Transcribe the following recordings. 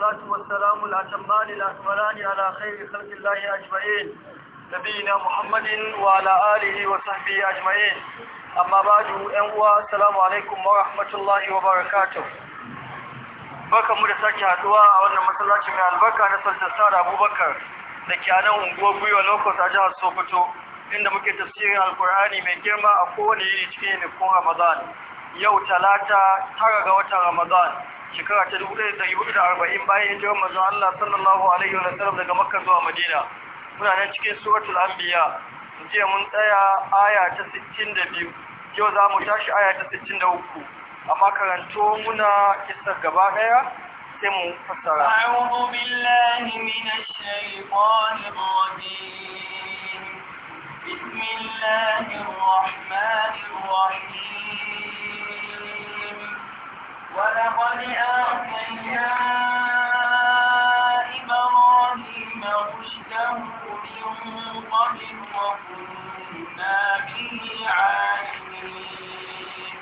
والصلاة والسلام الأتمان الأكملان على خير خلق الله أجمعين نبينا محمد وعلى آله وصحبه أجمعين أما بعد أنوا السلام عليكم ورحمة الله وبركاته baka mu da sake haduwa a wannan masallacin mai albarka na Sultan Abubakar da ke a nan unguwar Gwiwa Locust a jihar Sokoto inda muke tafsirin Alkur'ani mai girma a kowane yini cikin yankun Ramadan yau talata tara ga watan Ramadan shekara ta dubu ɗaya da hudu da arba'in bayan hijirar mazan Allah sallallahu alaihi wa sallam daga Makka zuwa Madina muna nan cikin suratul anbiya jiya mun tsaya aya ta sittin da biyu yau za mu tashi aya ta sittin da uku amma karanto muna kisar gaba ɗaya sai mu fassara بسم الله الرحمن الرحيم ولقد إبراهيم رشده من قبل وكنا به عالمين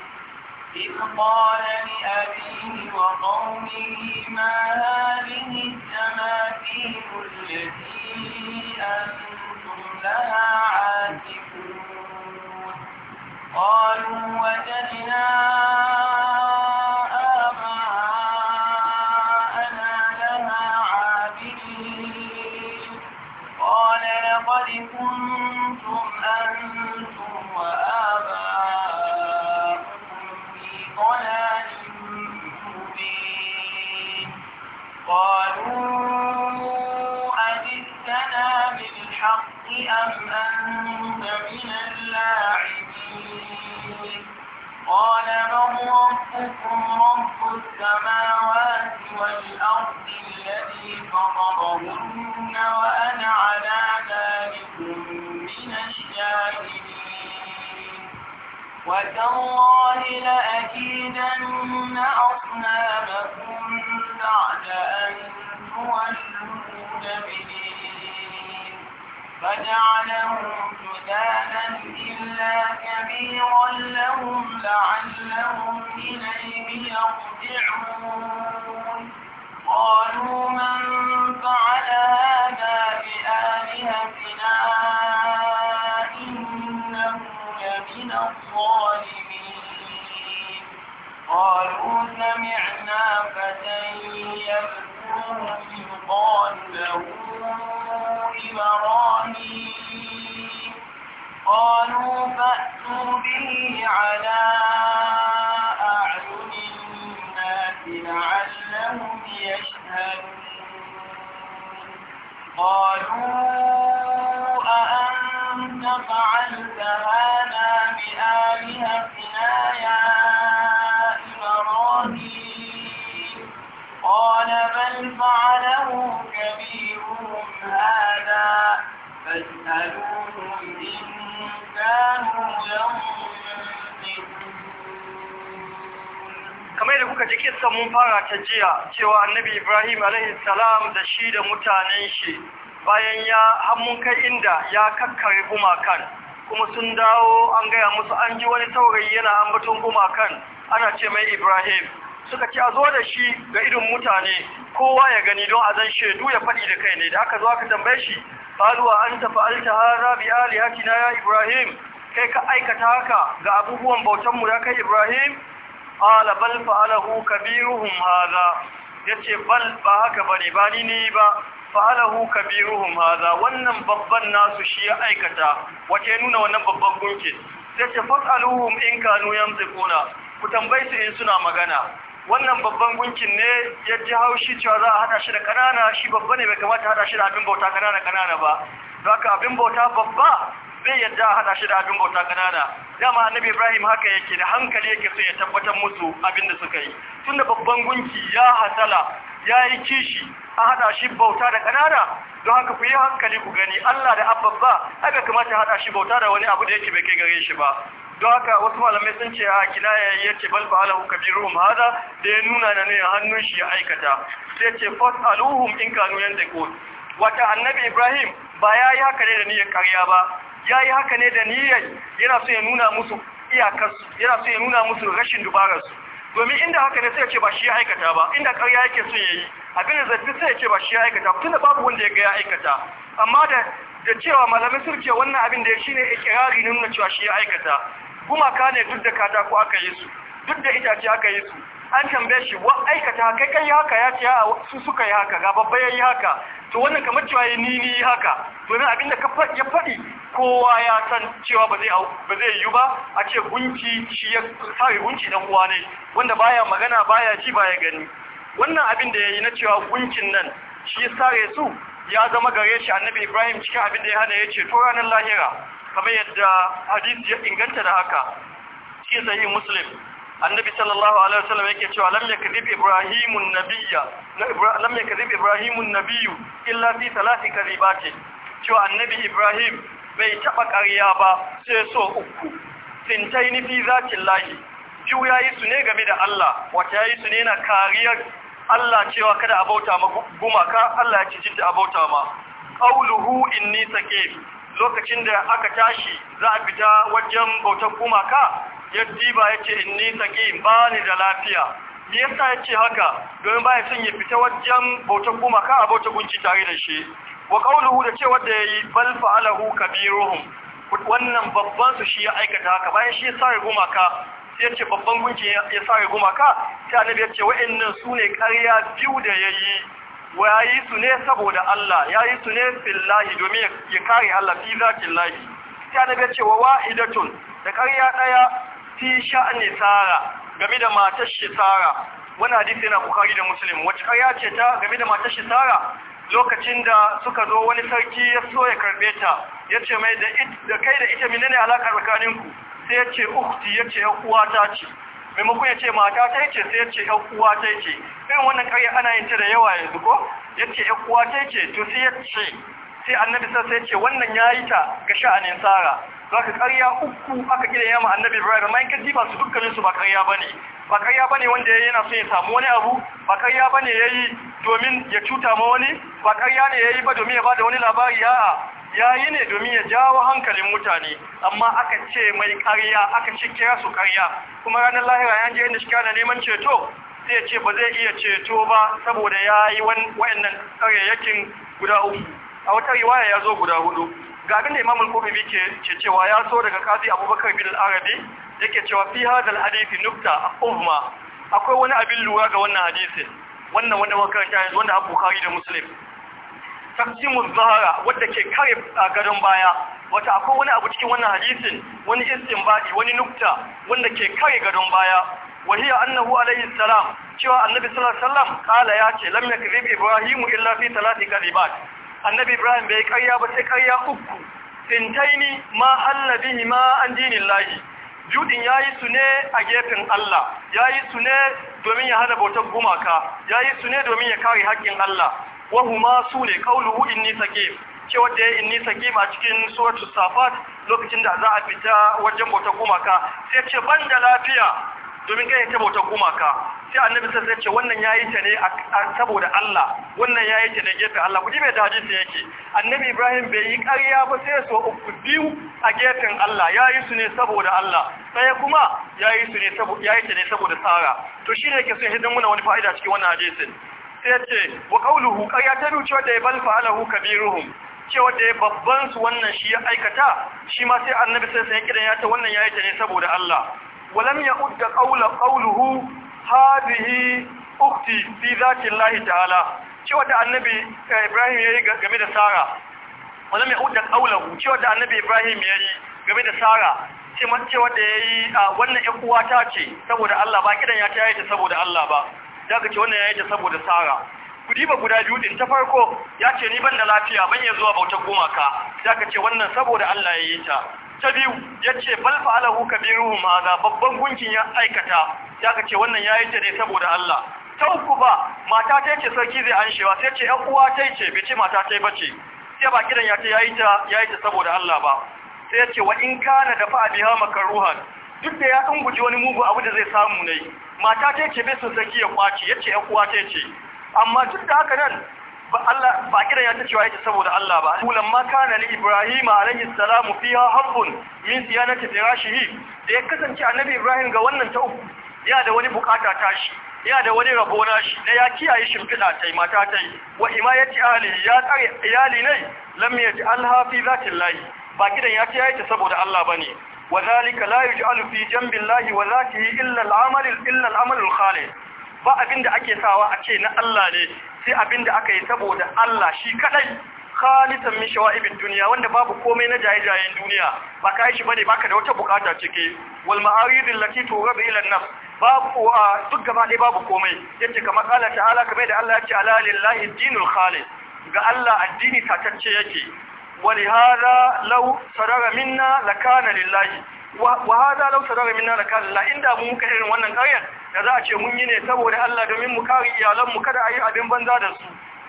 إذ قال لأبيه وقومه ما هذه التماثيل التي أنتم لها عاكفون قالوا وجدنا السماوات والأرض الذي فطرهن وأنا على ذلك من الشاهدين وتالله لأكيدن أصنامكم بعد أن تولوا مدبرين فجعلهم سدانا إلا كبيرا لهم لعلهم إليه يرجعون قالوا من فعل هذا بآلهتنا إنه لمن الظالمين قالوا سمعنا فتى يبدو قالوا فأتوا به على أعين الناس لعلهم يشهدون قالوا أأنت فعلت هذا بآلهتنا kamar da kuka ji kissan mun fara ta jiya cewa annabi Ibrahim alaihi salam da shi da mutanen shi bayan ya hannun kai inda ya kakkare gumakan kuma sun dawo an gaya musu an ji wani taurayi yana ambaton gumakan ana ce mai Ibrahim suka ce a zo da shi ga irin mutane kowa ya gani don a zan shaidu ya faɗi da kai ne da aka zo aka tambaye shi قالوا أنت فعلت هذا بآلهتنا يا إبراهيم كيك أيكت هكا قابوه ومبوتم يا كي إبراهيم قال بل فعله كبيرهم هذا يتي بل فهك بني بني نيبا fa'alahu kabiruhum hadha wannan babban nasu shi ya aikata wace nuna wannan babban gunki sai ce fas'aluhum in kanu yamzikuna ku tambayi su in suna magana wannan babban gunkin ne ya ji haushi cewa za a hada shi da kanana shi babba ne bai kamata hada shi da abin bauta kanana kanana ba don haka abin bauta babba zai yadda a hada shi da abin bauta kanana dama annabi ibrahim haka yake da hankali yake so ya tabbatar musu abin da suka yi da babban gunki ya hasala ya yi kishi a hada shi bauta da kanana don haka ku yi hankali ku gani allah da abba ba ai bai kamata hada shi bauta da wani abu da yake bai kai gare shi ba don haka wasu malamai sun ce a kinaya ya ce bal fa'alahu kabiruhum hada da ya nuna na ne hannun shi ya aikata sai ce aluhum in kanu ko wata annabi Ibrahim ba yayi haka ne da niyyar karya ba yayi haka ne da niyyar yana so ya nuna musu iyakarsu yana so ya nuna musu rashin dubararsu domin inda haka ne sai ce ba shi ya aikata ba inda karya yake so yayi abin da zai sai ce ba shi ya aikata tunda babu wanda ya ga ya aikata amma da da cewa malamai sun ce wannan abin da ya ne ikirari nuna cewa shi ya aikata gumaka ne duk da katako aka yi su duk da itace aka yi su an tambaye shi wa aikata kai kai haka ya ce su suka yi haka ga babba ya yi haka to wannan kamar cewa yi ni ni haka domin abinda ka ya faɗi kowa ya san cewa ba zai ba zai yi ba a ce gunki shi ya sai gunki dan uwa ne wanda baya magana baya ji baya gani wannan abin da yayi na cewa gunkin nan shi sare su ya zama gare shi annabi Ibrahim cikin abin da ya hana ya ce to ranar lahira kamar yadda hadisi ya inganta da haka cikin sahih muslim annabi sallallahu alaihi wasallam yake cewa lam yakdhib ibrahimun nabiyya lam yakdhib ibrahimun nabiyyu illa fi thalathi kadhibati cewa annabi ibrahim bai taba ƙarya ba sai so uku sintaini fi zatillahi biyu yayi su ne game da Allah wata yayi su ne na kariyar Allah cewa kada a bauta ma gumaka Allah ya ci jinta a bauta ma qawluhu inni saqim lokacin da aka tashi za a fita wajen bautar gumaka ya diba ya ce inni tsaki ba ni da lafiya ya yasa ya ce haka domin ba ya son ya fita wajen bautar gumaka a bautar kunci tare da shi wa qawluhu da cewa da yayi Balfa Alahu kabiruhum wannan babban su shi ya aikata haka bayan shi ya gumaka sai ya ce babban ya gumaka ya ce wa'annan sune karya biyu da yayi wa yi su ne saboda Allah ya yi su ne fillahi domin ya kare Allah fi zakin lahi ta wa cewa waidatun da karya ɗaya fi sha'ani sara game da matar shi sara wani hadisi yana bukari da muslim wacce karya ce ta game da matar shi sara lokacin da suka zo wani sarki ya so ya karbe ta ya ce mai da kai da ita menene alaka tsakaninku sai ya ce ukti ya ce ta ce Maimakon ya ce mata ta ce sai yace ƴan uwa ta ce irin wannan ƙarya ana yin ta da yawa yanzu ko Yace ƴan uwa ta ce to sai yace. sai annabi sai yace wannan yayi ta ga sha'anin sara za ka ƙarya uku aka gida ya ma annabi ibrahim amma in ka ba su dukkanin su ba ƙarya ba ne ba ƙarya ba ne wanda ya yana so ya samu wani abu ba ƙarya ba ne ya yi domin ya cuta ma wani ba ƙarya ne ya yi ba domin ya ba da wani labari a'a ya yi ne domin ya jawo hankalin mutane amma aka ce mai karya aka ci kira su karya kuma ranar lahira ya je inda shi kana neman ceto sai ya ce ba zai iya ceto ba saboda ya yi wayannan yakin guda uku a wata riwaya ya zo guda hudu ga abin da imamul qurtubi ke cewa ya so daga kazi abubakar bin arabi yake cewa fi hadal hadisi nukta umma akwai wani abin lura ga wannan hadisin wannan wanda wanda Abu kari da Muslim taqsimu dhahara wanda ke kare garin baya wata akwai wani abu cikin wannan hadisin wani istinbadi wani nukta wanda ke kare garin baya wahiya annahu alayhi salam cewa annabi sallallahu alaihi wasallam kala yace lam yakrib ibrahim illa fi talati kadibat annabi ibrahim bai kariya ba sai kariya uku tintaini ma halla bihi ma an dinillahi judin yayi su ne a gefen Allah yayi su ne domin ya hada bautar gumaka yayi su ne domin ya kare haƙƙin Allah wahuma su ne kauluhu inni sakim cewa da inni sakim a cikin suratu safat lokacin da za a fita wajen bauta gumaka sai ce ban da lafiya domin kai ta bauta gumaka sai annabi sai ce wannan yayi ta ne saboda Allah wannan yayi ta ne gefe Allah ku jibe da hadisi yake annabi Ibrahim bai yi ƙarya ba sai so uku biyu a gefen Allah yayi su ne saboda Allah sai kuma yayi su ne saboda yayi ta ne saboda tsara to shine yake so hidimmuna wani fa'ida cikin wannan hadisin sai ya ce wa ƙauluhu, ƙarya ta cewa da ya bal fa'alahu kabiruhum cewa da ya babban su wannan shi ya aikata shi ma sai annabi sai sai kidan ya ta wannan yayi ta ne saboda Allah walam ya'ud qawla qawluhu hadhihi ukhti fi zati Allah ta'ala cewa da annabi eh, Ibrahim yayi game da Sara ya ya'ud qawluhu cewa da annabi Ibrahim yayi game da Sara cewa da yayi ah, wannan ƴan uwa ta ce saboda Allah ba kidan ya ta yayi ta saboda Allah ba da aka ce wannan ya yi ta saboda tsara kudi ba guda biyu din ta farko ya ce ni ban da lafiya ban ya zuwa bautar gumaka da aka ce wannan saboda Allah ya yi ta ta biyu ya ce bal alahu kabiru hadha babban gunkin ya aikata da aka ce wannan ya yi ta ne saboda Allah ta uku ba mata ta ce sarki zai shewa sai ce 'yan uwa ta ce bai ce mata ta yi bace sai ba kiran ya ce ya yi ta saboda Allah ba sai ya ce wa in kana da fa'a biha makaruhan duk da ya ɗan guji wani mugu abu da zai samu ne mata ta ce bai sun ya kwace ya ce ya kuwa ta ce amma duk da haka nan ba Allah ba kiran ya ta cewa yake saboda Allah ba kulan ma kana li Ibrahim alayhi salamu fiha habbun min siyanati firashihi da ya kasance annabi Ibrahim ga wannan ta uku ya da wani bukata tashi ya da wani rabo shi da ya kiyaye shimfiɗa tai mata tai wa imayati ali ya tsare iyali ne lam alhafi fi zati ba kidan ya ce yi ta saboda Allah bane وذلك لا يجعل في جنب الله وذاته إلا العمل إلا العمل الخالص ba abin da ake sawa a ce na Allah ne sai abin da aka yi saboda Allah shi kadai khalitan min shawa'ibid dunya wanda babu komai na jaye-jayen duniya ba yi shi bane baka da wata bukata cike wal ma'aridil lati turabu ila an-nafs babu duk gaba babu komai yace kamar Allah ta'ala kamar da Allah ya ce ala lillahi dinul khalis ga Allah addini tatacce yake ولهذا لو صدر منا لكان لله وهذا لو صدر منا لكان لله inda mu muka irin wannan ƙaryar da za a ce mun yi ne saboda Allah domin mu kare iyalan mu kada a yi abin banza da su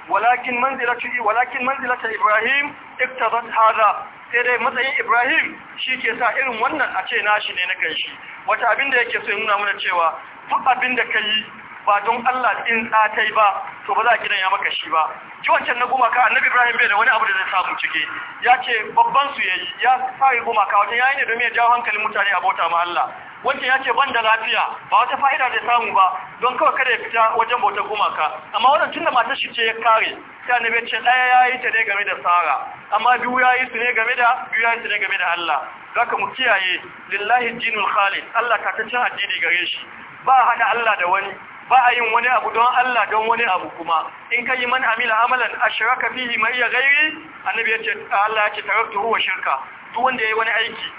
walakin manzilatu walakin manzilatu Ibrahim iktabat hada sai dai matsayin Ibrahim shi ke sa irin wannan a ce nashi ne na kanshi wata abin da yake so ya nuna mana cewa duk abin da kai ba don Allah din tsatai ba to ba za ki dan ya maka shi ba ji wancan na gumaka annabi Ibrahim bai da wani abu da zai samu cike ya ce babban su yayi ya sai gumaka wajen yayi ne domin ya jawo hankalin mutane a bauta ma Allah wancan ya ce ban da lafiya ba wata fa'ida zai samu ba don kawai kada ya fita wajen bautar gumaka amma wannan tunda matar shi ce ya kare sai annabi ce daya yayi ta ne game da Sara amma biyu yayi su ne game da biyu yayi su ne game da Allah zaka mu kiyaye lillahi dinul khalid Allah ka ta cin addini gare shi ba hada Allah da wani ba a yin wani abu don Allah don wani abu kuma in kai man amila amalan ashraka fihi ma iya gairi annabi yace Allah yace taraktuhu huwa shirka duk wanda yayi wani aiki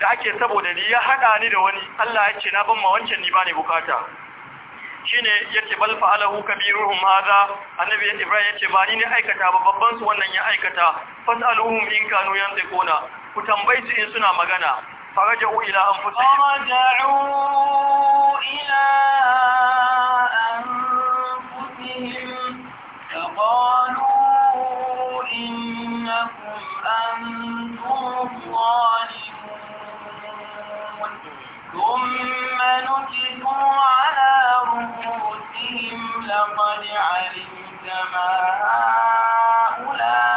da ake saboda ni ya hada ni da wani Allah yace na ban ma wancan ni bane bukata shine yace bal fa'alahu kabiruhum hadha annabi Ibrahim yace ba ni ne aikata ba babban su wannan ya aikata fasaluhum in kanu yantiquna ku tambayi su in suna magana faraja'u ila anfusihim faraja'u ila قالوا إنكم أنتم الظالمون ثم نكتوا على رؤوسهم لقد علمت ما هؤلاء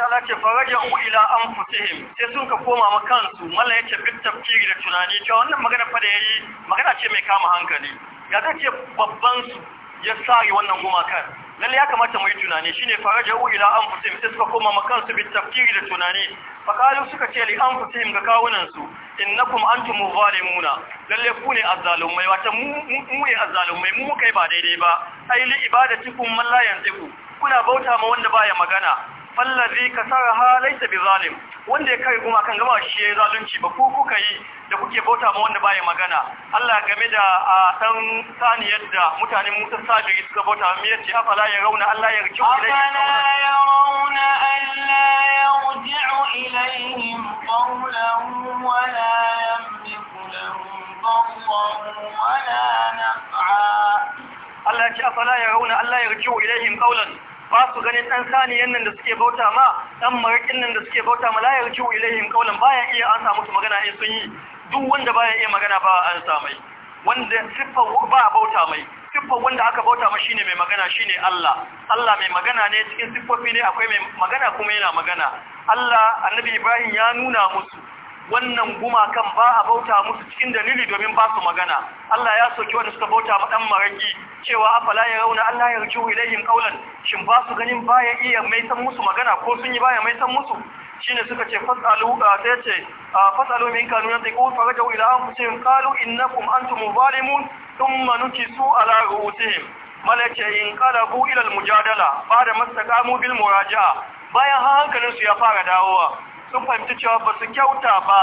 ta'ala ce faraja'u ila anfusihim sai sun ka koma ma kansu mallan yace bit tafkiri da tunani cewa wannan magana fa da yayi magana ce mai kama hankali ya ce babban su ya sare wannan gumakan lalle ya kamata mu yi tunani shine faraja'u ila anfusihim sai suka koma ma kansu bit tafkiri da tunani fakalu suka ce li anfusihim ga kawunan su innakum antum zalimuna lalle ku ne azzalumai wata mu ne azzalumai mu muka yi ba daidai ba ai li ibadatikum man la kuna bauta ma wanda baya magana fallazi kasaraha laysa bizalim wanda ya kare kuma kan gaba shi ya zalunci ba ku kuka yi da kuke bauta ma wanda baya magana Allah game da san sani yadda mutanen Musa sabiri suka bauta mu yace afala ya rauna Allah ya rji'u ilayhi afala ya rauna Allah ya rji'u ilayhim qawlan wa la yamliku lahum dharran wa naf'a Allah ya ce afala ya rauna Allah ya rji'u ilayhim qawlan ba su ganin ɗan saniyan nan da suke bauta ma ɗan marikin nan da suke bauta ma la yarju ilaihim qawlan bayan iya an samu su magana in sun yi duk wanda bayan iya magana ba an samai wanda siffa ba a bauta mai siffa wanda aka bauta ma shine mai magana shine Allah Allah mai magana ne cikin siffofi ne akwai mai magana kuma yana magana Allah annabi Ibrahim ya nuna musu wannan gumakan ba a bauta musu cikin dalili domin ba su magana Allah ya soki wanda suka bauta ma dan maraki cewa afala ya rauna Allah ya rjuhu ilaihim qawlan shin ba su ganin baya iya mai san musu magana ko sun yi baya mai san musu shine suka ce fasalu sai ce fasalu min kanu yantiqu farajau ila anfusihim qalu innakum antum zalimun thumma nukisu ala ru'usihim malace in qalabu ila al mujadala bada mastaqamu bil muraja'a bayan hankalinsu ya fara dawowa sun fahimci cewa ba su kyauta ba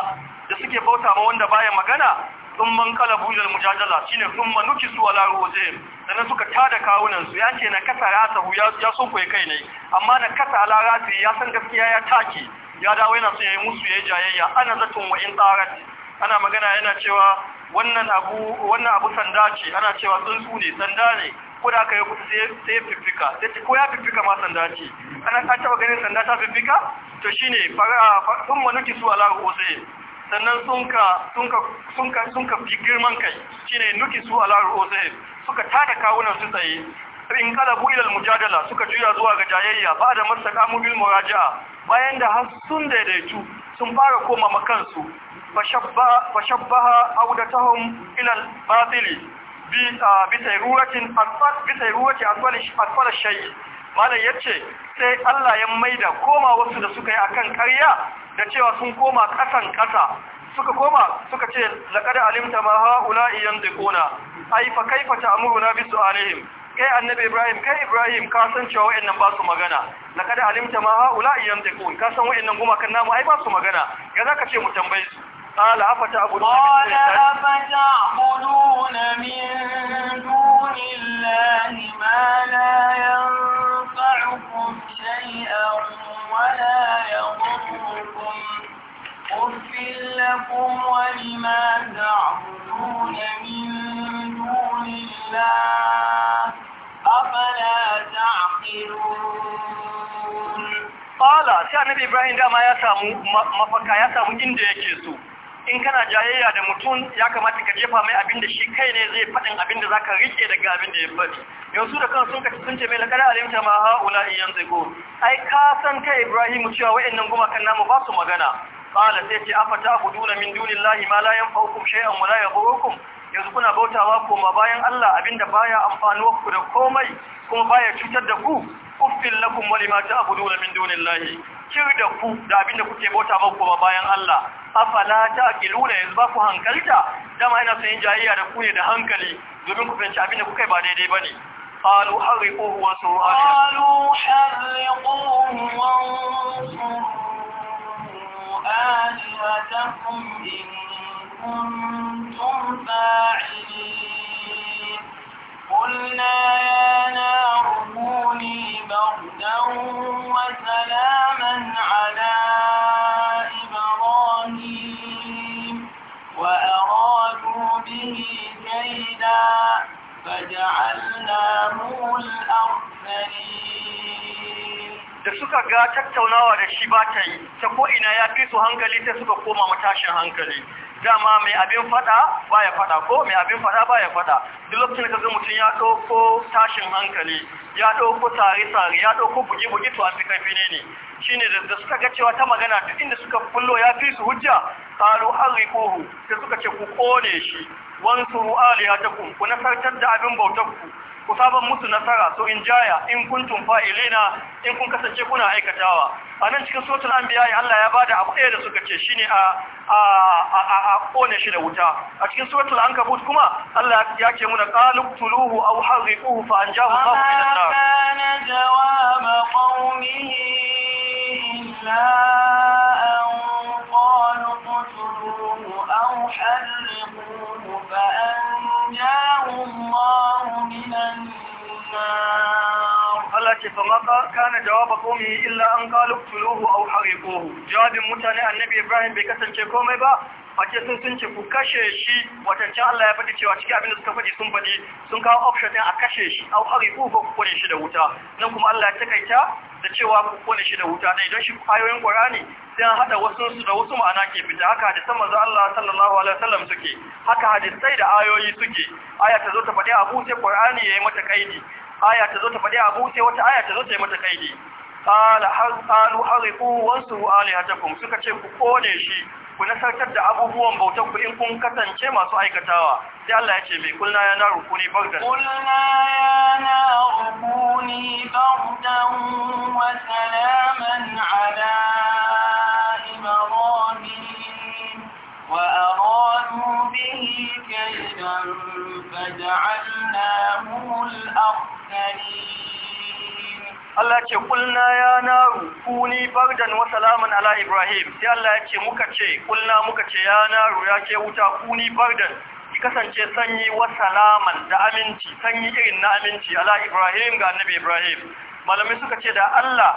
da suke bauta ba wanda baya magana sun man kala bujal mujadala shine sun manuki su wala roje sannan suka tada kawunan su ya ce na kasa rasa ya ya sun koyi kai ne amma na kasa ala ya san gaskiya ya taki ya dawo yana son yayi musu ya yi jayayya ana zatun wa in tsarat ana magana yana cewa wannan abu wannan abu sanda ce ana cewa tsuntsu ne sanda ne ko da aka yi kusa sai ya fifika sai ce ko ya fifika ma sanda ce ana ka taba ganin sanda ta fifika to shine sun manuki su ala ru'usai sannan sun ka fi girman kai shine nuki su ala ru'usai suka tada kawunan su tsaye in kalabu ilal mujadala suka juya zuwa ga jayayya ba da mastaqamu bil muraja bayan da har sun daidaitu sun fara koma makansu فشبه عودتهم إلى الباطل بسيرورة أطفال الشيء malam ya ce sai Allah ya maida koma wasu da suka yi akan karya da cewa sun koma ƙasan ƙasa suka koma suka ce laqad alimta ma haula yandiquna ai fa kaifa ta'muruna bi su'alihim kai annabi Ibrahim kai Ibrahim ka san cewa wayannan ba su magana laqad alimta ma haula yandiqun ka san wayannan kan namu ai ba su magana ya zaka ce mu tambaye su قال أفتعبدون أفتعبدون من دون الله ما لا ينفعكم شيئا ولا يضركم قف لكم ولما تعبدون من دون الله أفلا تعقلون قال سيدنا إبراهيم دعما يسامو مفكا يسامو إن ديكي in kana jayayya da mutum ya kamata ka jefa mai abin da shi kai ne zai faɗin abin da zaka rike daga abin da ya faɗi yanzu da kan sun ka sun ce mai lakar ta ma haula iyan yanzu go ai ka san kai Ibrahim cewa wayannan gumakan namu ba su magana qala sai ce afata abuduna min dunillahi ma la yanfa'ukum shay'an wa la yadurukum yanzu kuna bautawa koma bayan Allah abinda baya wa ku da komai kuma baya cutar da ku uffil lakum wa lima ta'buduna min dunillahi Kir da ku da abinda kuke bauta ba kuma bayan Allah afala taqiluna yanzu ba ku hankalta dama ina son yin jayayya da ku ne da hankali domin ku fahimci abinda kuka ba daidai bane قالوا wa suru آلهتكم qalu حرقوه wa suru إن suka ga tattaunawa da shi ba ta yi ta ko'ina ya fi su hankali sai suka koma matashin hankali dama mai abin fada ba ya fada ko mai abin fada ba ya fada duk lokacin da ga mutum ya ɗauko tashin hankali ya ɗauko tsare-tsare ya ɗauko buge-buge to an fi karfi ne ne ne da suka ga cewa ta magana duk inda suka fullo ya fi su hujja kalu rikohu sai suka ce ku kone shi wansuru alihatakum ku nasartar da abin bautar ku saban musu nasara so in jaya in kuntum fa'ilina in kun kasance kuna aikatawa anan cikin suratul anbiya Allah ya bada abu ɗaya da suka ce shine a a a kone shi da wuta a cikin suratul ankabut kuma Allah ya ce muna qalu tuluhu aw harriquhu fa anjahu Allah min an-nar kana jawaba qaumihi illa an qalu aw فأنجاه الله من النار ce fa maka kana jawaba qaumihi illa an qalu tuluhu aw hariquhu jawabin mutane annabi Ibrahim bai kasance komai ba face sun sun ce ku kashe shi wataccen Allah ya faɗi cewa cikin abin da suka faɗi sun faɗi sun kawo option din a kashe shi aw hariquhu ko ku kone shi da wuta nan kuma Allah ya takaita da cewa ku kone shi da wuta dai don shi ayoyin Qur'ani sai an hada wasu su da wasu ma'ana ke fita haka hadisan manzo Allah sallallahu alaihi wasallam suke haka hadisai da ayoyi suke aya ta zo ta faɗi abu sai Qur'ani yayi mata kaidi aya ta zo ta faɗi abu sai wata aya ta zo ta yi mata kaidi qala halu hariqu wansuru alihatakum suka ce ku kone shi ku nasartar da abubuwan bautan ku in kun kasance masu aikatawa sai Allah ya ce mai kulna ya naru kuni bardan kulna ya naru kuni bardan wa salaman ala ibrahim wa aradu bihi kaydan Allah ce kulna ya naru kuni bardan wa salaman ala Ibrahim sai Allah ya ce muka ce kulna muka ce ya naru ya ke wuta kuni bardan ki kasance sanyi wa salaman da aminci sanyi irin na aminci ala Ibrahim ga annabi Ibrahim malamai suka ce da Allah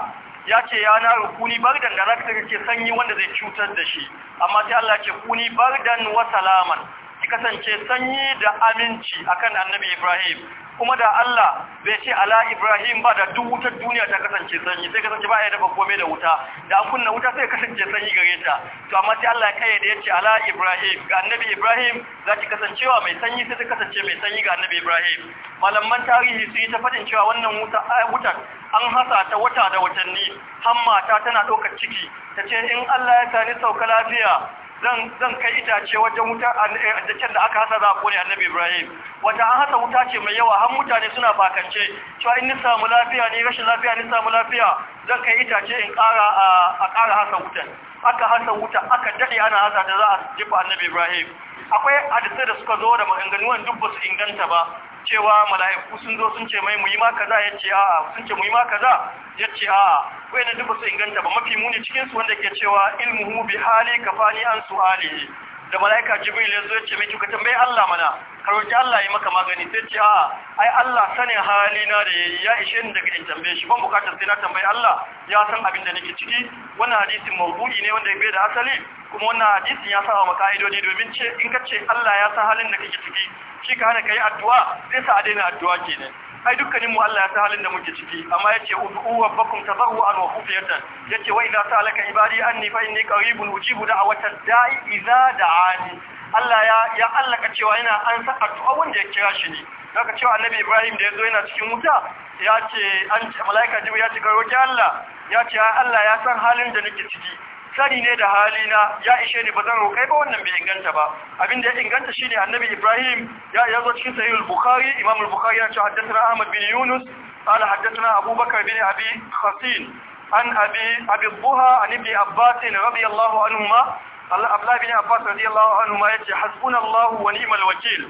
ya ce ya na kuni bardan da za ka ce sanyi wanda zai cutar da shi amma sai Allah ce kuni bardan wa salaman kasance sanyi da aminci akan annabi Ibrahim kuma da Allah bai ce ala Ibrahim ba da duk wutar duniya ta kasance sanyi sai kasance ba ya dafa komai da wuta da an kunna wuta sai kasance sanyi gare ta to amma sai Allah ya kai da yace ala Ibrahim ga annabi Ibrahim za ki kasancewa mai sanyi sai ta kasance mai sanyi ga annabi Ibrahim malaman tarihi su yi ta fadin cewa wannan wuta eh, wutar an hasa ta wata da watanni Hamma ta tana ɗaukar ciki ta ce in Allah ya sani sauka lafiya zan kai itace wajen wuta eh, da da aka hasa za a kone annabi ibrahim wata an hasa wuta ce mai yawa har mutane suna fakance cewa in ni samu lafiya ni rashin lafiya ni samu lafiya zan kai itace in ƙara a ƙara hasa wutan aka hasa wuta aka daɗe ana hasa da za a jifa annabi ibrahim akwai hadisai da suka zo da maganganuwan duk ba su inganta ba cewa mala'iku sun zo sun ce mai mu yi ma kaza yace a sun ce mu ma kaza yace a Wai ne duk su inganta ba mafi muni cikin su wanda ke cewa ilmuhu bi hali kafani an su'ali da mala'ika jibril ya zo ya ce mai kuka tambayi Allah mana ka Allah ya maka magani sai ce a ai Allah sanin halina da ya ishe ni daga in tambaye shi ban bukatar sai na tambayi Allah ya san abin da nake ciki wannan hadisin mawdu'i ne wanda bai da asali kuma wannan hadisin ya sa wa ka'idodi domin ce in ka ce Allah ya san halin da kake ciki shi ka hana kai addu'a zai sa a daina addu'a kenan ai dukkanin mu Allah ya san halin da muke ciki amma yace ud'u rabbakum tadarruan wa khufyatan yace wa idza salaka ibadi anni fa inni qaribun ujibu da'watad da'i idza da'ani Allah ya allaka cewa yana an sa addu'a wanda ya kira shi ne daga cewa annabi Ibrahim da ya zo yana cikin wuta ya ce an malaika jibril ya ce ka roki Allah ya ce Allah ya san halin da nake ciki sani ne da halina ya ishe ni ba zan roƙai ba wannan bai inganta ba abin da ya inganta shine annabi Ibrahim ya zo cikin sahih bukhari Imam al-Bukhari ya ce haddathana Ahmad bin Yunus قال حدثنا أبو بكر بن أبي خصين عن أبي, أبي الضهى عن ابن عباس رضي الله عنهما Allah Abdullah bin Abbas radiyallahu anhu ma yace hasbunallahu wa ni'mal wakil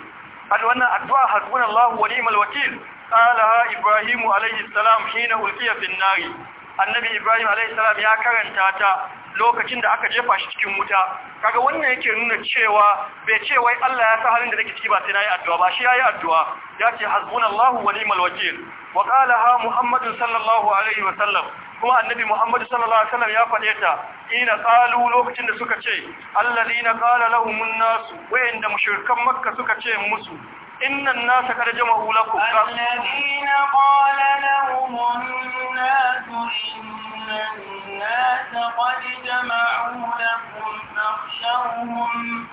al wannan addu'a hasbunallahu wa ni'mal wakil qalaha Ibrahim alayhi salam hina ulqiya fin nari annabi Ibrahim alayhi salam ya karanta ta lokacin da aka jefa shi cikin wuta kaga wannan yake nuna cewa bai ce wai Allah ya sa halin da nake ciki ba sai nayi addu'a ba shi yayi addu'a ya ce hasbunallahu wa ni'mal wakeel wa sallallahu alaihi wa sallam kuma annabi muhammad sallallahu alaihi wa sallam ya faɗe ta ina qalu lokacin da suka ce alladina qala lahumun nas wayanda mushrikan makka suka ce musu innan الناس قد jama'u لكم الذين الناس قد جمعوا لكم فاخشوهم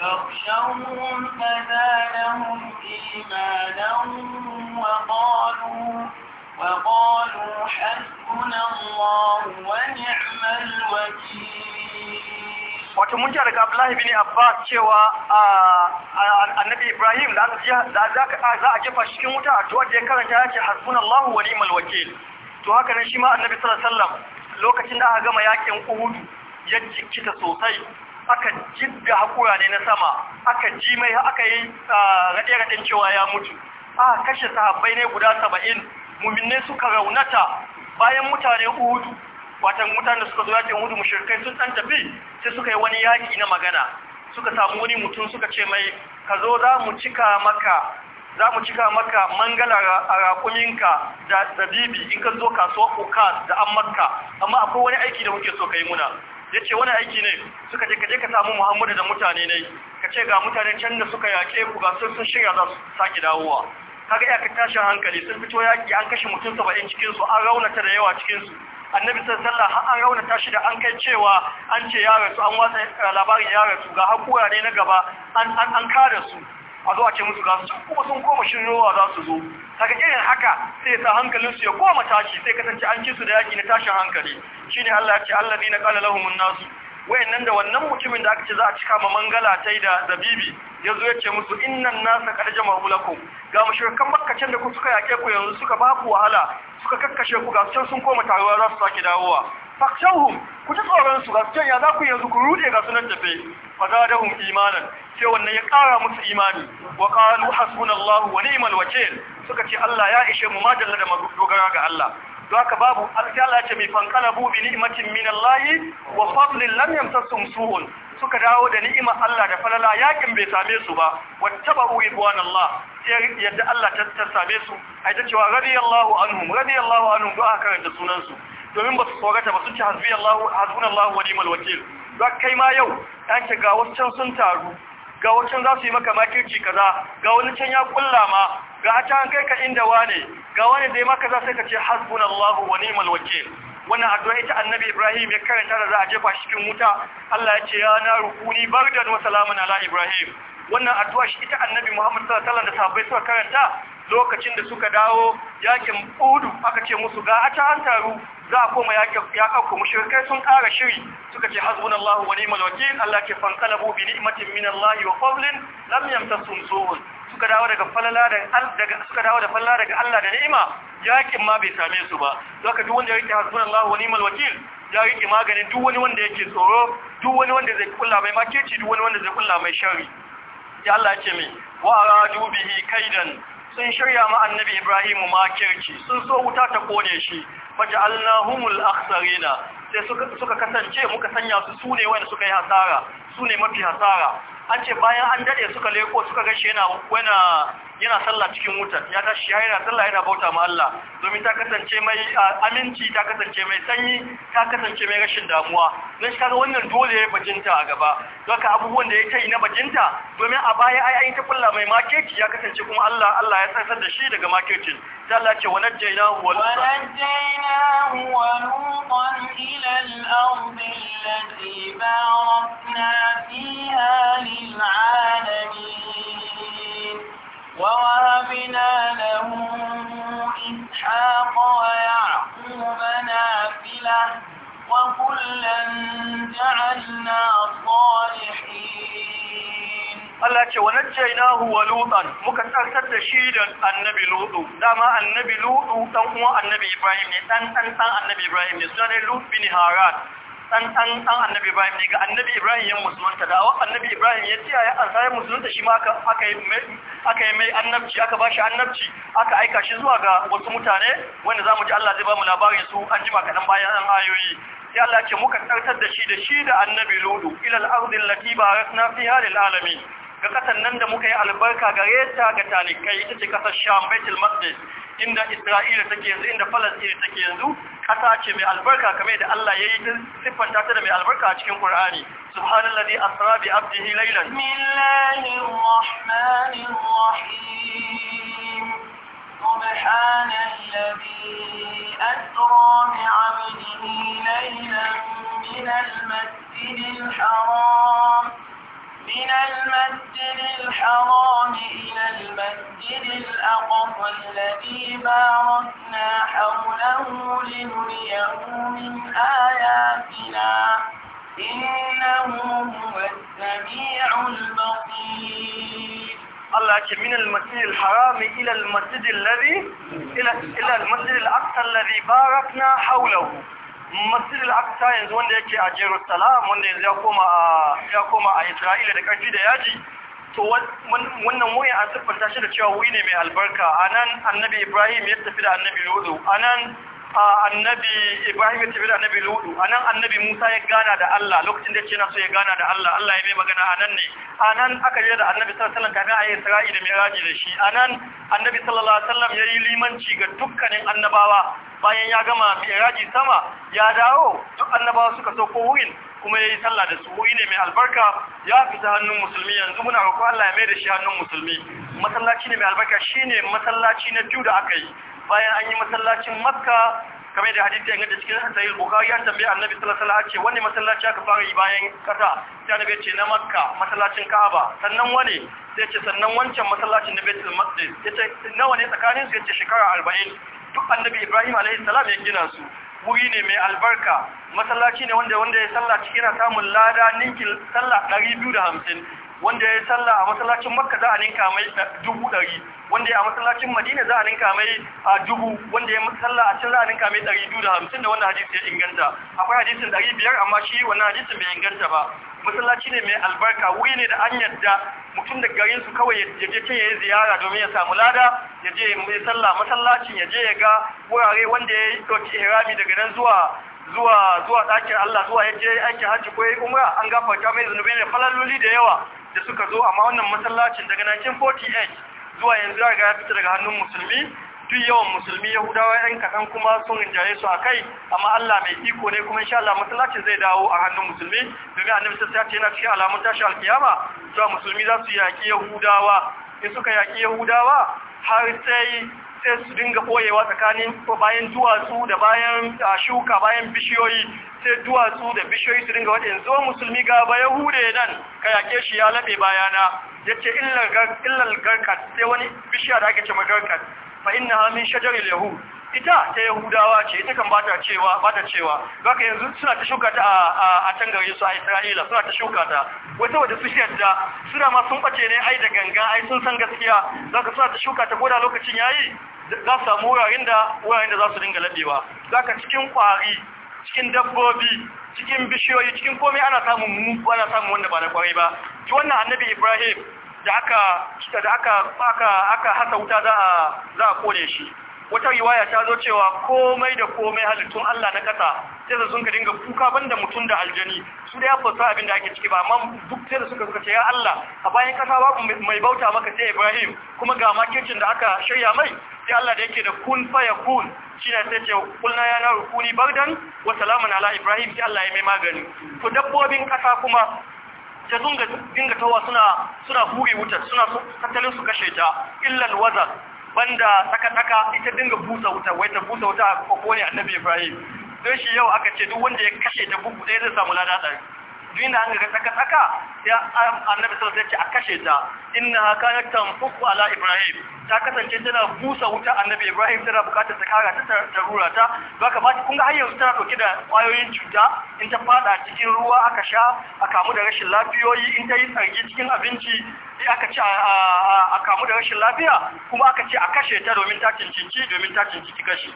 فاخشوهم فزادهم إيمانا وقالوا وقالوا حسبنا الله ونعم الوكيل wato mun ji daga Abdullahi bin Abbas cewa annabi Ibrahim da za a jefa shi cikin wuta to wanda ya karanta ya ce hasbunallahu wa ni'mal wakil to haka ne shi ma annabi sallallahu alaihi wasallam lokacin da aka gama yakin Uhud ya jikita sosai aka jidda hakura ne na sama aka ji mai aka yi raɗe-raɗen cewa ya mutu aka kashe sahabbai ne guda saba'in muminne suka raunata bayan mutane uhudu watan mutane suka zo yakin uhudu mushrikai sun ɗan tafi sai suka yi wani yaki na magana suka samu wani mutum suka ce mai ka zo za mu cika maka za mu cika maka mangala a rakuminka da zabibi in ka zo kasuwa kuka da an maka. amma akwai wani aiki da muke so ka yi muna ya ce wani aiki ne suka je je ka samu muhammadu da mutane ne ka ce ga mutane can da suka yaƙe ku ga sun sun shirya za su sake dawowa Ka ga ka tashin hankali sun fito yaƙi an kashe mutum saba'in cikinsu an raunata da yawa cikinsu annabi sallah har an raunata shi da an kai cewa an ce ya rasu an watsa labarin ya rasu ga hakura ne na gaba an kare su a zo a ce musu gasu kuma sun koma shiryowa za su zo daga irin haka sai sa hankalin su ya koma tashi sai kasance an ci su da yaki na tashin hankali Shi ne Allah ya ce allah alladina kala lahum an-nas wayannan da wannan mutumin da aka ce za a cika ma mangala tai da zabibi yazo ya ce musu innan nasa qad jama'u lakum ga mushrikan makka can da ku suka yake ku yanzu suka ba ku wahala suka kakkashe ku gasu can sun koma taruwa za su sake dawowa fakshauhum ku ji tsoron su gaskiya ya za ku yanzu ku rude ga sunan tafe fazadahum imanan sai wannan ya kara musu imani wa qalu hasbunallahu wa ni'mal wakeel suka ce Allah ya ishe mu ma dalla da dogara ga Allah haka babu alƙala ce mai fankalabu bi ni'matin min wa fadlin lam yamtasum su'un suka dawo da ni'imar Allah da falala yakin bai same su ba wattaba'u ibwanallah sai yadda Allah ta same su ai ta cewa radiyallahu anhum radiyallahu anhum du'a karanta sunan su domin ba su tsorata ba sun ce hasbi Allahu hasbun Allahu wa ni'mal wakil za kai ma yau an ce ga wancan sun taru ga wancan za su yi maka makirci kaza ga wani can ya kulla ma ga a can kai ka inda wane ga wani dai maka za sai ka ce hasbun Allahu wa ni'mal wakil wannan addu'a ita annabi Ibrahim ya karanta da za a jefa shi cikin wuta Allah ya ce ya na rukuni bardan wa salamun ala Ibrahim wannan addu'a shi ita annabi Muhammad sallallahu alaihi wasallam da sahabbai suka karanta lokacin da suka dawo yakin udu aka ce musu ga a ta an taru za a koma yakan ku shirkai sun ƙara shiri suka ce hasbunallahu wa ni'mal wakil Allah ke fanqalabu bi ni'matin min Allah wa fadlin lam yamtasum su'un suka dawo daga falala da daga suka dawo da falala daga Allah da ni'ima yakin ma bai same su ba zaka duk wanda yake hasbunallahu wa ni'mal wakil ya yi maganin duk wani wanda yake tsoro duk wani wanda zai kulla mai makeci duk wani wanda zai kulla mai shari ya Allah ce mai wa aradu bihi kaidan sun shirya ma annabi Ibrahimu makirci sun so wuta ta kone shi faj'alnahumul akhsarina sai suka kasance muka sanya su sune wanda suka yi hasara su ne mafi hasara an ce bayan an dade suka leko suka gashi yana yana sallah cikin wutar ya tashi ya yana sallah yana bauta ma Allah domin ta kasance mai aminci ta kasance mai sanyi ta kasance mai rashin damuwa don shi kaga wannan dole ya bajinta a gaba don ka abubuwan da ya kai na bajinta domin a baya ai ai ta kulla mai makeci ya kasance kuma Allah Allah ya tsantsar da shi daga makecin sai Allah ce wannan jaina wa najjaynahu wa lutan ila al-ardi allati barakna فيها للعالمين ووهبنا له إسحاق ويعقوب نافلة وكلا جعلنا صالحين Allah ce wa najjaynahu wa lutan muka tsartar da shi da annabi lutu dama annabi lutu dan uwan annabi Ibrahim ne dan annabi Ibrahim ne sunan Haran dan an an annabi Ibrahim ne ga annabi Ibrahim ya musulunta da wa annabi Ibrahim ya ce ya ansa ya musulunta shi ma aka aka yi mai aka yi mai annabci aka ba shi annabci aka aika shi zuwa ga wasu mutane wanda zamu ji Allah zai ba mu labarin su an jima kadan bayan an ayoyi sai Allah ce muka tsartar da shi da shi da annabi Ludu ila al-ardi allati barakna fiha lil alamin ga kasan nan da muka yi albarka gare ta ga talikai ita ce kasar sham baitul maqdis inda isra'ila take yanzu inda falastin take yanzu kasa ce mai albarka kamar da Allah ya yi siffanta ta da mai albarka a cikin qur'ani subhanallazi asra bi abdihi laylan bismillahir rahmanir rahim subhanallazi asra bi abdihi laylan min al-masjidil haram الحرام إلى المسجد الأقصى الذي باركنا حوله لنريه من آياتنا إنه هو السميع البصير Allah ce min al-masjid al-harami ila al-masjid alladhi ila ila al-masjid al-aqsa barakna yanzu wanda yake a Jerusalem wanda yanzu ya koma a ya koma a Isra'ila da karfi da yaji to wannan wuyan a siffanta shi da cewa wuyi ne mai albarka anan annabi ibrahim ya tafi da annabi A anan annabi ibrahim ya tafi da annabi A anan annabi musa ya gana da allah lokacin da ya ce na so ya gana da allah allah ya mai magana anan ne anan aka yi da annabi sallallahu alaihi wasallam kafin a yi isra'i da miraji da shi anan annabi sallallahu alaihi wasallam ya yi limanci ga dukkanin annabawa bayan ya gama miraji sama ya dawo duk annabawa suka ko wurin kuma ya yi sallah da su ne mai albarka ya fita hannun musulmi yanzu muna roƙo Allah ya mai da shi hannun musulmi masallaci ne mai albarka shine masallaci na biyu da aka yi bayan an yi masallacin makka kamar da hadisi yanga da cikin sahih bukhari an tambaye annabi sallallahu alaihi wasallam wani masallaci aka fara yi bayan kasa sai annabi ce na makka masallacin ka'aba sannan wani sai ce sannan wancan masallacin na baitul maqdis ce nawa ne tsakanin su ce shekara 40 duk annabi ibrahim alaihi salam ya gina su wuri ne mai albarka masallaci ne wanda wanda ya salla cikin yana samun lada ninkin salla 250 wanda ya salla a masallacin makka za a ninka mai eh, dubu ɗari wanda a masallacin madina za a ninka mai a dubu wanda ya salla a can za a ninka mai ɗari biyu da hamsin da wannan hadisi ya inganta akwai hadisin ɗari biyar amma shi wannan hadisin bai inganta ba masallaci ne mai albarka wuri ne da an yadda mutum da garinsu su kawai ya je can yi ziyara domin ya samu lada ya je ya sallah masallacin ya je ya ga wurare wanda ya yi ɗauki ihrami daga nan zuwa zuwa zuwa ɗakin Allah zuwa ya je aikin hajji ko ya yi umra an gafarta mai zunubi ne falaloli da yawa da suka zo amma wannan masallacin daga 1948 zuwa yanzu ya ga ya fita daga hannun musulmi duk yawan musulmi yahudawa yan kaɗan kuma sun rinjaye su a kai amma Allah mai iko ne kuma insha Allah masallacin zai dawo a hannun musulmi domin annabi sallallahu alaihi yana cikin alamun tashi alkiyama cewa musulmi za su yaƙi yahudawa in suka yaƙi yahudawa har sai sai su dinga ɓoyewa tsakanin bayan duwatsu da bayan shuka bayan bishiyoyi sai duwatsu da bishiyoyi su dinga waɗin zo musulmi ga ba yahude nan ka yake shi ya laɓe bayana ya ce illal garkat sai wani bishiya da ake ce magarkat fa innaha min shajaril yahud ita ta yahudawa ce ita kan bata cewa bata cewa yanzu suna ta shuka ta a can gare su a Isra'ila suna ta shuka ta wata wata su shedda suna ma sun bace ne ai da ganga ai sun san gaskiya zaka suna ta shuka ta koda lokacin yayi za su samu wuraren da wuraren da za su dinga labewa zaka cikin kwari cikin dabbobi cikin bishiyoyi cikin komai ana samun mu ana samun wanda ba na kwarai ba wannan annabi Ibrahim da aka da aka aka aka hasa wuta za a za a kone shi wata riwaya ta zo cewa komai da komai halittun Allah na kasa sai da sun ka dinga kuka banda mutum da aljani su da yafi sa abin da ake ciki ba amma duk sai da suka suka ce ya Allah a bayan kasa babu mai bauta maka sai Ibrahim kuma ga makircin da aka shirya mai sai Allah da yake da kun ya kun shine sai ce kulna ya naru kuni bardan wa salamun ala Ibrahim sai Allah ya mai magani to dabbobin kasa kuma ta ga dinga tawa suna suna hure wutar suna tattalin su kashe ta illal wazar banda saka tsaka ita dinga busa wuta wai ta busa wuta a ne annabi ibrahim don shi yau aka ce duk wanda ya kashe ta buku sai zai samu lada duk da an ga tsaka tsaka ya annabi sallallahu ya ce a kashe ta inna kayan tanfuqu ala ibrahim ta kasance tana busa wuta annabi ibrahim tana bukatar ta kara ta tarura ta baka ba kun ga har yanzu tana dauke da kwayoyin cuta in ta fada cikin ruwa aka sha a kamu da rashin lafiyoyi in ta yi tsargi cikin abinci sai aka ci a kamu da rashin lafiya kuma aka ce a kashe ta domin ta cincinci domin ta cincinci kashi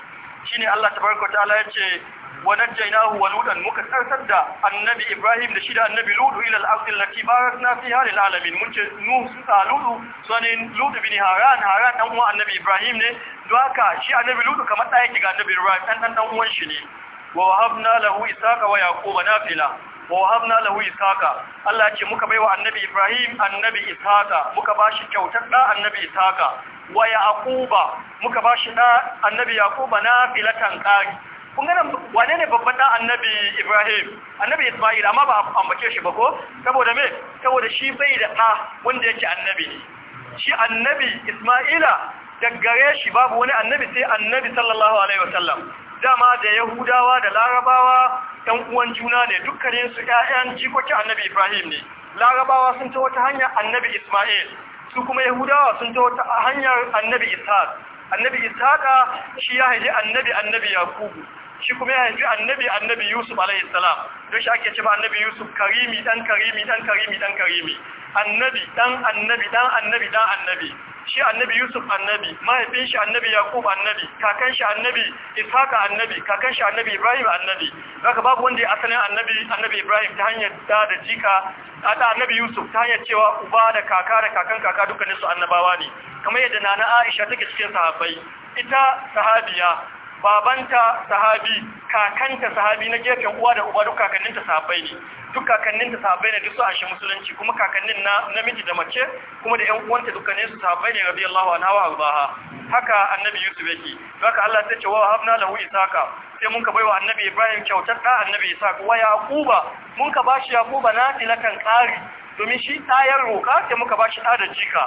shine Allah tabaraka ta'ala yace ونجيناه ولودا مكسرسد النبي إبراهيم لشد النبي لود إلى الأرض التي باركنا فيها للعالمين منك نوح لود سنين لود بن هاران هاران أمو النبي إبراهيم ne don haka shi annabi lutu kamar ɗaya ki ga annabi ibrahim ɗan ɗan ɗan uwan ne wa wahabna lahu isaqa wa yaquba nafila wa wahabna lahu isaqa Allah ce muka baiwa annabi Ibrahim annabi isaqa muka kyautar da annabi muka da annabi yaquba nafilatan qari kun ganin wane ne babban ɗan annabi Ibrahim annabi Ismail amma ba ambace shi ba ko saboda me saboda shi bai da ɗa wanda yake annabi shi annabi Ismaila daggare shi babu wani annabi sai annabi sallallahu alaihi wasallam dama da Yahudawa da Larabawa ɗan uwan juna ne dukkanin su ƴaƴan jikokin annabi Ibrahim ne Larabawa sun ta wata hanyar annabi Ismail su kuma Yahudawa sun ta wata hanyar annabi Ishaq annabi Ishaq shi ya haifi annabi annabi Yakubu shi kuma ya haifi annabi annabi yusuf alaihi salam don shi ake cewa annabi yusuf karimi dan karimi dan karimi dan karimi annabi dan annabi dan annabi dan annabi shi annabi yusuf annabi mahaifin shi annabi yaqub annabi kakan shi annabi ishaqa annabi kakan shi annabi ibrahim annabi haka babu wanda ya asalin annabi annabi ibrahim ta hanyar da da jika da annabi yusuf ta hanyar cewa uba da kaka da kakan kaka dukkanin su annabawa ne kamar yadda nana aisha take cikin sahabbai ita sahabiya babanta sahabi kakanta sahabi na gefen uwa da uba duk kakanninta sahabbai ne duk kakanninta sahabbai ne duk su ashe musulunci kuma kakannin na namiji da mace kuma da ƴan uwanta dukkanin su sahabbai ne radiyallahu anha wa arbaha haka annabi yusuf yake haka Allah sai ce wa habna lahu isaka sai mun ka baiwa annabi ibrahim kyautar da annabi isaka wa yaquba mun ka bashi yaquba na tilakan qari domin shi tayar roka sai muka bashi da jika